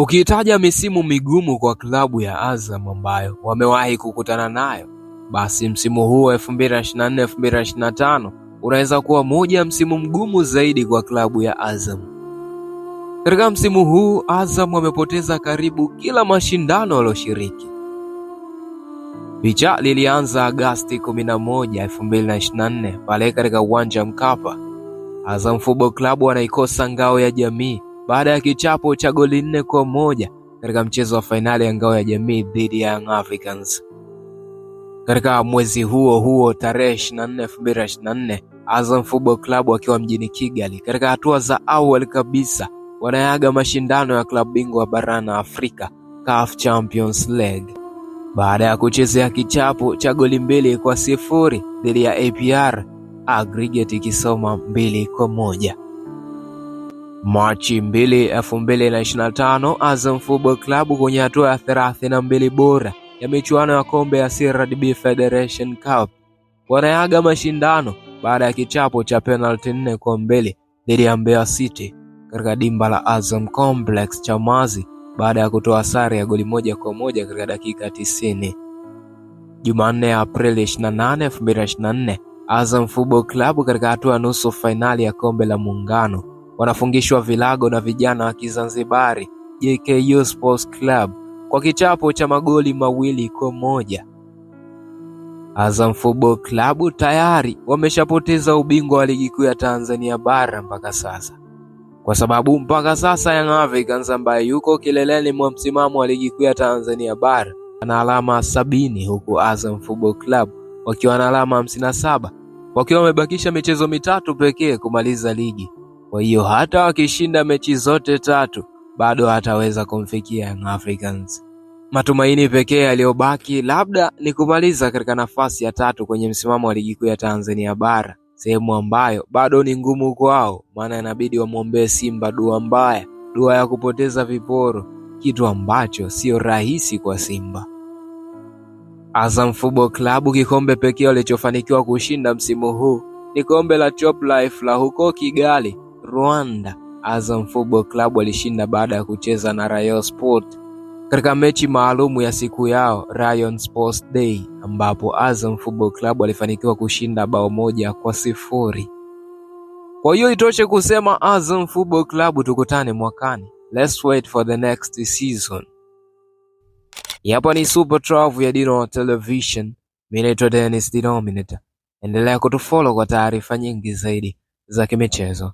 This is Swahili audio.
Ukiitaja misimu migumu kwa klabu ya Azam ambayo wamewahi kukutana nayo, basi msimu huu 2024 2025 unaweza kuwa moja ya msimu mgumu zaidi kwa klabu ya Azam. Katika msimu huu Azam wamepoteza karibu kila mashindano walioshiriki. Picha lilianza Agasti 11, 2024 pale katika uwanja Mkapa, Azam Football Club wanaikosa ngao ya jamii baada ya kichapo cha goli nne kwa moja katika mchezo wa fainali ya ngao ya jamii dhidi ya Young Africans. Katika mwezi huo huo tarehe 24 2024, Azam Football Club wakiwa mjini Kigali katika hatua za awali kabisa wanayaga mashindano ya klabu bingwa barani Afrika CAF Champions League baada ya kuchezea kichapo cha goli mbili kwa sifuri dhidi ya APR, aggregate ikisoma mbili kwa moja. Machi mbili elfu mbili na Azam Football Club kwenye hatua ya 32 bora ya michuano ya kombe ya CRDB Federation Cup wanayaga mashindano baada ya kichapo cha penalti nne kwa mbili dhidi ya Mbeya City katika dimba la Azam Complex Chamazi baada ya kutoa sare ya goli moja kwa moja katika dakika 90. Jumanne ya Aprili 28, 2024 Azam Football Club katika hatua ya nusu fainali ya kombe la Muungano wanafungishwa vilago na vijana wa Kizanzibari JKU Sports Club kwa kichapo cha magoli mawili kwa moja. Azam Football Club tayari wameshapoteza ubingwa wa ligi kuu ya Tanzania bara mpaka sasa, kwa sababu mpaka sasa Young Africans ambaye yuko kileleni mwa msimamo wa ligi kuu ya Tanzania bara ana alama sabini huku Azam Football Club wakiwa na alama 57 wakiwa wamebakisha michezo mitatu pekee kumaliza ligi. Kwa hiyo hata wakishinda mechi zote tatu bado hataweza kumfikia Young Africans. Matumaini pekee yaliyobaki labda ni kumaliza katika nafasi ya tatu kwenye msimamo wa ligi kuu ya Tanzania bara, sehemu ambayo bado ni ngumu kwao, maana inabidi wamwombee Simba dua mbaya, dua ya kupoteza viporo, kitu ambacho sio rahisi kwa Simba. Azam Football Club, kikombe pekee walichofanikiwa kushinda msimu huu ni kombe la Top Life la huko Kigali Rwanda, Azam Football Club walishinda baada ya kucheza na Rayo Sport katika mechi maalumu ya siku yao Rayon Sports Day, ambapo Azam Football Club walifanikiwa kushinda bao moja kwa sifuri. Kwa hiyo itoshe kusema Azam Football Club, tukutane mwakani. Let's wait for the next season. Yapo ni Super Travel ya Dino Television. Mimi naitwa Dennis Dinominator. Endelea kutufollow kwa taarifa nyingi zaidi za kimichezo.